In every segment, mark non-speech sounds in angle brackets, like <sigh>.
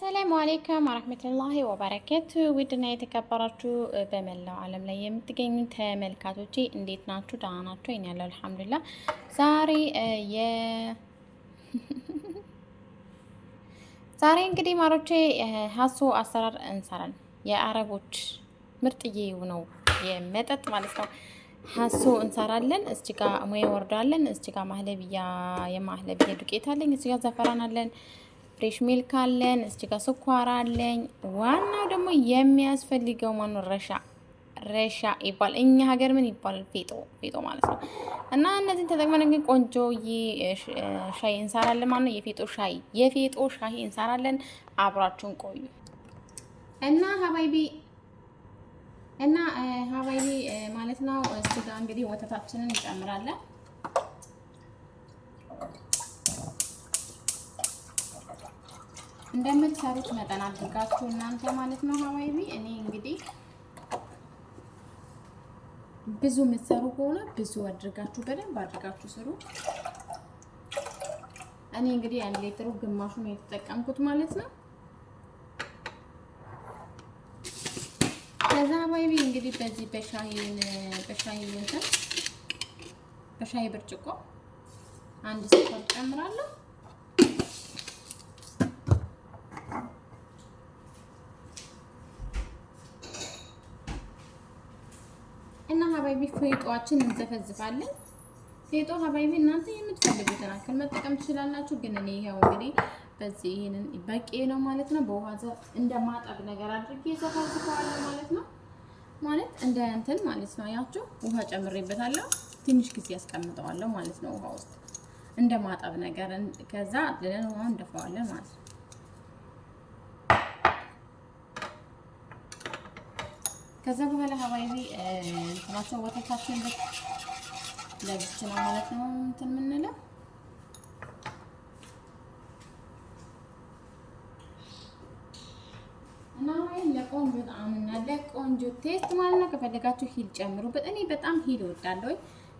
ሰላም አሌይኩም ወረህመቱላሂ ወበረካቱ ውድና የተከበራችሁ በመላው ዓለም ላይ የምትገኙ ተመልካቾቼ እንዴት ናችሁ? ደህና ናችሁ? እኔ ያለው አልሐምዱሊላህ። ዛሬ የ <laughs> ዛሬ እንግዲህ ማሮቼ ሀሶ አሰራር እንሰራለን። የአረቦች ምርጥዬ ነው የመጠጥ ማለት ነው። ሀሶ እንሰራለን። እዚህ ጋር ሙዬ ወርዳለን። እዚህ ጋር ማህለብያ የማህለብያ ዱቄት አለኝ። እዚህ ጋር ዘፈራን አለን ፍሬሽ ሚልክ አለን፣ እዚህ ጋር ስኳር አለኝ። ዋናው ደግሞ የሚያስፈልገው ማኑ ረሻ ረሻ ይባል እኛ ሀገር ምን ይባላል? ፌጦ ፌጦ ማለት ነው። እና እነዚህን ተጠቅመን ግን ቆንጆ ሻይ እንሰራለን ማለት ነው። የፌጦ ሻይ የፌጦ ሻይ እንሰራለን። አብራችሁን ቆዩ እና ሀባይቢ እና ሀባይቢ ማለት ነው። እዚህ ጋር እንግዲህ ወተታችንን እንጨምራለን። እንደምትሰሩት መጠን አድርጋችሁ እናንተ ማለት ነው። ሀዋይቢ እኔ እንግዲህ ብዙ የምትሰሩ ከሆነ ብዙ አድርጋችሁ በደንብ አድርጋችሁ ስሩ። እኔ እንግዲህ አንድ ሌትሩ ግማሹን የተጠቀምኩት ማለት ነው። ከዛ ሀዋይቢ እንግዲህ በዚህ በሻይን በሻይ በሻይ ብርጭቆ አንድ ስኳር ጨምራለሁ። ሀባይቢ ፌጦችን እንዘፈዝፋለን። ፌጦ ሀባይቢ እናንተ የምትፈልጉትን አክል መጠቀም ትችላላችሁ። ግን እኔ ይኸው እንግዲህ በዚህ ይሄንን በቄ ነው ማለት ነው። በውሃ እንደማጠብ ነገር አድርጌ ዘፈዝፈዋለሁ ማለት ነው። ማለት እንደ እንትን ማለት ነው። ያችሁ ውሃ ጨምሬበታለሁ። ትንሽ ጊዜ ያስቀምጠዋለሁ ማለት ነው ውሃ ውስጥ እንደማጠብ ነገር። ከዛ አጥልለን ውሃ እንደፈዋለን ማለት ነው። ከዛ በኋላ ሀባይቢ እንትናቸው ወተታችን ለብቻ ነው ማለት ነው እንትን የምንለው እና ለቆንጆ ጣዕም እና ለቆንጆ ቴስት ማለት ነው። ከፈለጋችሁ ሂል ጨምሩበት። እኔ በጣም ሂል እወዳለሁ።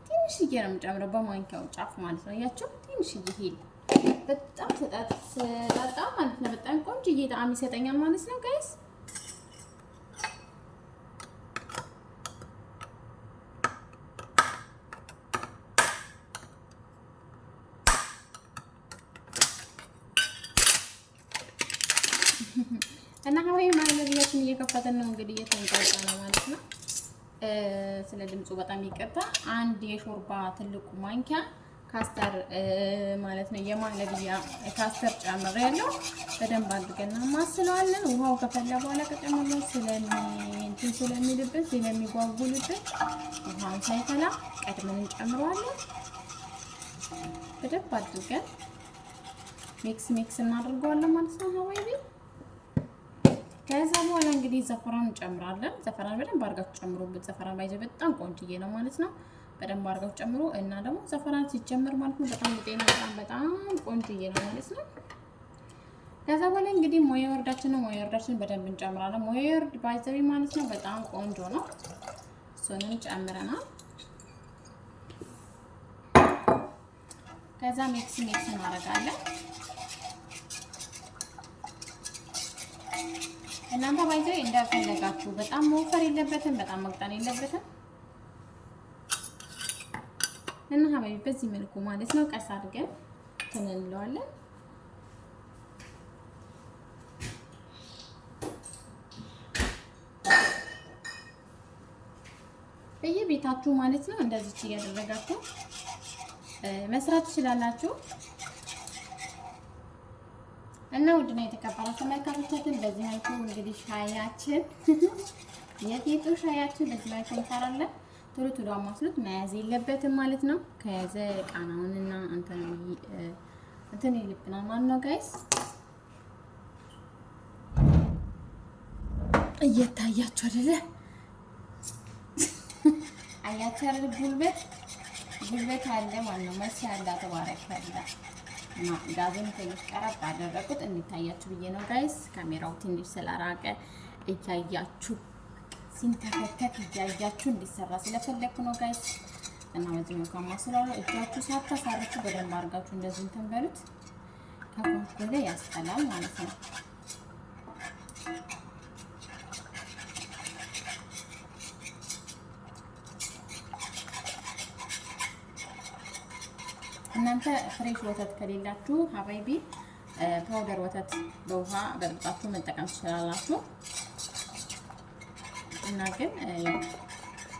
ትንሽዬ ነው የምጨምረው በማንኪያው ጫፍ ማለት ነው። እያቸው ትንሽዬ ሂል በጣም ስጠጣ ማለት ነው። በጣም ቆንጆዬ ጣዕም ይሰጠኛል ማለት ነው ጋይስ እና ሀዋይ ማለብያችን እየከፈተን ነው እንግዲህ እየተንቀጣ ነው ማለት ነው። ስለ ድምፁ በጣም ይቅርታ። አንድ የሾርባ ትልቁ ማንኪያ ካስተር ማለት ነው የማለቢያ ካስተር ጨምር ያለው በደንብ አድርገን ማስለዋለን። ውሃው ከፈላ በኋላ ከጨመረ ስለሚንትን ስለሚልብን ስለሚጓጉልብን ውሃውን ሳይፈላ ቀድመን እንጨምረዋለን። በደንብ አድርገን ሚክስ ሚክስ እናደርገዋለን ማለት ነው ሀዋይ ቤት ከዛ በኋላ እንግዲህ ዘፈራን እንጨምራለን። ዘፈራን በደንብ አድርጋችሁ ጨምሩበት። ዘፈራን ባይዘ በጣም ቆንጅዬ ነው ማለት ነው። በደንብ አድርጋችሁ ጨምሩ እና ደግሞ ዘፈራን ሲጨመር ማለት ነው በጣም ጤና በጣም በጣም ቆንጅዬ ነው ማለት ነው። ከዛ በኋላ እንግዲህ ሞየ ወርዳችን ነው። ሞያ ወርዳችን በደንብ እንጨምራለን። ሞየ ወርድ ባይዘዊ ማለት ነው በጣም ቆንጆ ነው። እሱንም ጨምረናል። ከዛ ሜክስ ሜክስ እናደርጋለን። እናንተ ባይዘ እንዳፈለጋችሁ በጣም መወፈር የለበትም፣ በጣም መቅጠን የለበትም። እና ሀባቢ በዚህ መልኩ ማለት ነው ቀስ አድርገን ትንለዋለን። በየቤታችሁ ማለት ነው እንደዚህ እያደረጋችሁ መስራት ትችላላችሁ። እና ውድና የተከበራችሁ ተመልካቾቻችን በዚህ መልኩ እንግዲህ ሻያችን <laughs> የጤጡ ሻያችን በዚህ መልኩ እንሰራለን። ቶሎ ቶሎ አማስሉት መያዝ የለበትም ማለት ነው። ከያዘ ቃናውንና እንትን ይልብናል ማለት ነው። ጋይስ እየታያችሁ <laughs> አያችሁ ጉልበት ጉልበት አለ ማለት ነው። ተባረክ ጋዜን ትንሽ ቀረብ አደረኩት እንታያችሁ ብዬ ነው ጋይስ። ካሜራው ትንሽ ስለራቀ እያያችሁ ሲንተከተክ እያያችሁ እንዲሰራ ስለፈለግኩ ነው ጋይስ። እና በዚህ መልኩ ማስላሉ እጃችሁ ሳታሳርፉ በደንብ አድርጋችሁ እንደዚህ እንትን በሉት። ከኮንት ያስጠላል ማለት ነው። እናንተ ፍሬሽ ወተት ከሌላችሁ ሀባይቢ ፓውደር ወተት በውሃ በጥብጣችሁ መጠቀም ትችላላችሁ። እና ግን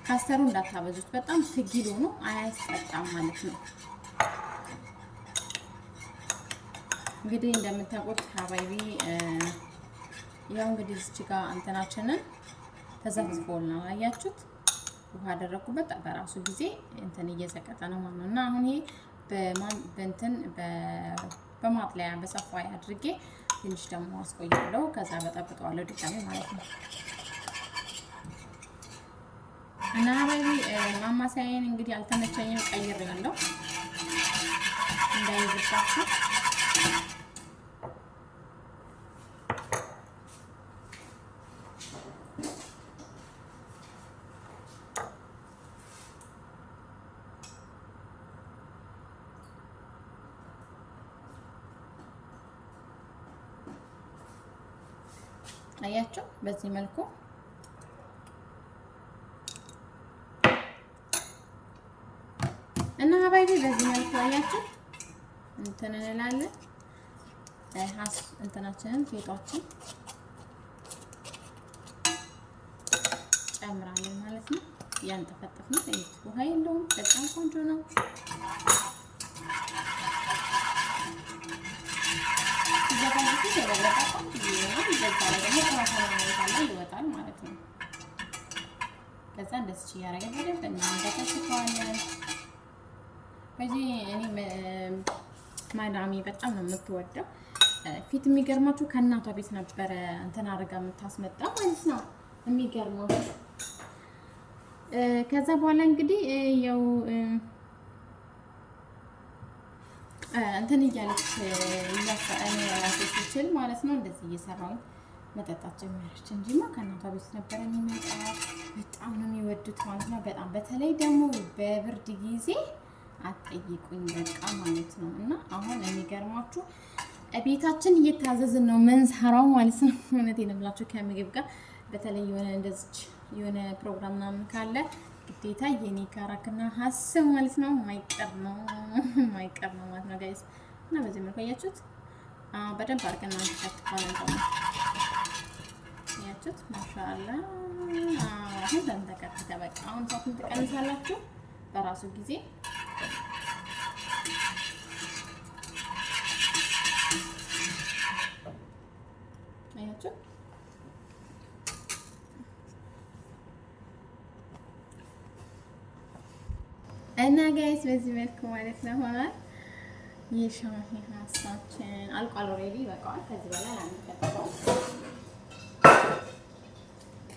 ካስተሩ እንዳታበዙት፣ በጣም ትጊል ሆኖ አያስጠጣም ማለት ነው። እንግዲህ እንደምታውቁት ሀባይቢ ያው እንግዲህ እዚች ጋ እንትናችንን ተዘፍዝፎልናል። አያችሁት? ውሃ አደረኩበት በራሱ ጊዜ እንትን እየዘቀጠ ነው ማለት ነው። እና አሁን ይሄ በእንትን በማጥለያ በሰፋ አድርጌ ትንሽ ደግሞ አስቆያለሁ። ከዛ በጠብቀዋለሁ ድጋሜ ማለት ነው። እና ባይቢ ማማሳያዬን እንግዲህ አልተመቸኝም፣ ቀይሬያለሁ እንዳይዝባችሁ አያችሁ፣ በዚህ መልኩ እና ሀባይቢ በዚህ መልኩ አያችሁ እንትን እንላለን። እንትናችንን ፌጧችን ጨምራለን ማለት ነው። ያንጠፈጠፍ ነው። ውሃ የለውም። በጣም ቆንጆ ነው። የበለጠ ቆንጆ ይወጣል ማለት ነው። ከዛ በደንብ በዚህ እኔ በጣም ነው የምትወደው ፊት። የሚገርማችሁ ከእናቷ ቤት ነበረ እንትን አድርጋ የምታስመጣ ማለት ነው። ከዛ በኋላ እንግዲህ ያው እንትን እያለች እያሳእኔ ራሴ ሲችል ማለት ነው እንደዚህ እየሰራውን መጠጣት ጀመረች እንጂማ ከእናቷ ቤት ነበረ የሚመጣ። በጣም ነው የሚወዱት ማለት ነው። በጣም በተለይ ደግሞ በብርድ ጊዜ አጠይቁኝ በቃ ማለት ነው። እና አሁን የሚገርማችሁ ቤታችን እየታዘዝን ነው መንሰራው ማለት ነው። እውነቴን ነው ከምግብ ጋር በተለይ የሆነ እንደዚች የሆነ ፕሮግራም ምናምን ካለ ግዴታ የኔ ካራክና ሀስብ ማለት ነው ማይቀር ነው ማይቀር ነው ማለት ነው ጋይስ። እና በዚህ መልኩ አያችሁት በደንብ አድርገን ማንቀጥፋለን ደግሞ ያችሁት ማሻአላ። አሁን ለምን ተቀጥታ በቃ አሁን ሳትን ትቀንሳላችሁ በራሱ ጊዜ እና ጋይስ በዚህ መልኩ ማለት ነው ሆኗል። የሻሂ ሀሳችን አልቋል። ኦልሬዲ ይበቃዋል። ከዚህ በላይ ላንከተው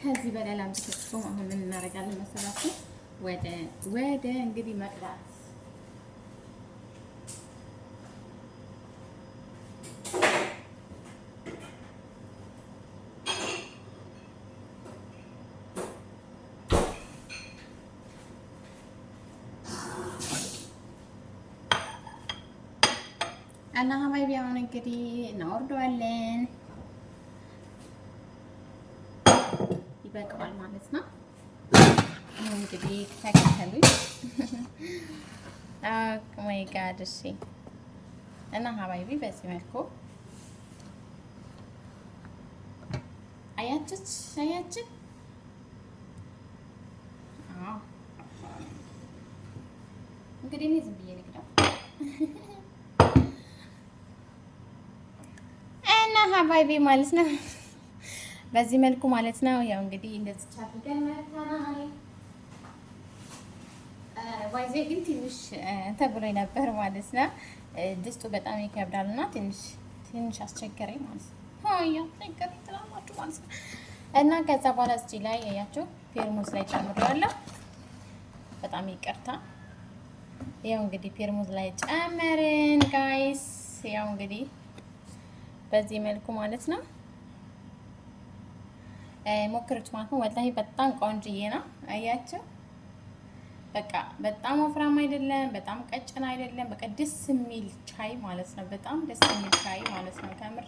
ከዚህ በላይ ላንከተው አሁን ምን እናደርጋለን መሰላችሁ? ወደ ወደ እንግዲህ መቅዳት እና ሀባይቢ አሁን እንግዲህ እናወርደዋለን። ይበቃዋል ማለት ነው። እንግዲህ ተከተሉኝ። ማይ ጋድ እሺ። እና ሀባይቢ በዚህ መልኩ አያችች አያችን እንግዲህ እኔ ዝም ብዬ ሀባይቢ ማለት ነው። በዚህ መልኩ ማለት ነው። ያው እንግዲህ እንደዚህ ቻፍገን መተናል። ዋይዜ ግን ትንሽ ተብሎ ነበር ማለት ነው። ድስቱ በጣም ይከብዳል እና ትንሽ ትንሽ አስቸገረኝ ማለት ነው። እና ከዛ በኋላ እዚህ ላይ ያያችሁ ፔርሙዝ ላይ ጨምሬዋለሁ። በጣም ይቅርታ። ያው እንግዲህ ፔርሙዝ ላይ ጨመርን ጋይስ። ያው እንግዲህ በዚህ መልኩ ማለት ነው ሞክሩት ማለት ነው። ወላሂ በጣም ቆንጅዬ ነው። አያችሁ፣ በቃ በጣም ወፍራም አይደለም፣ በጣም ቀጭን አይደለም። በቃ ደስ የሚል ቻይ ማለት ነው። በጣም ደስ የሚል ቻይ ማለት ነው። ከምር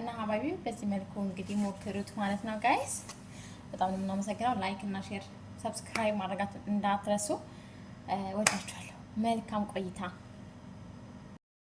እና ሀባቢ በዚህ መልኩ እንግዲህ ሞክሩት ማለት ነው ጋይስ። በጣም ነው የምናመሰግነው። ላይክ እና ሼር፣ ሰብስክራይብ ማድረጋት እንዳትረሱ። ወዳችኋለሁ። መልካም ቆይታ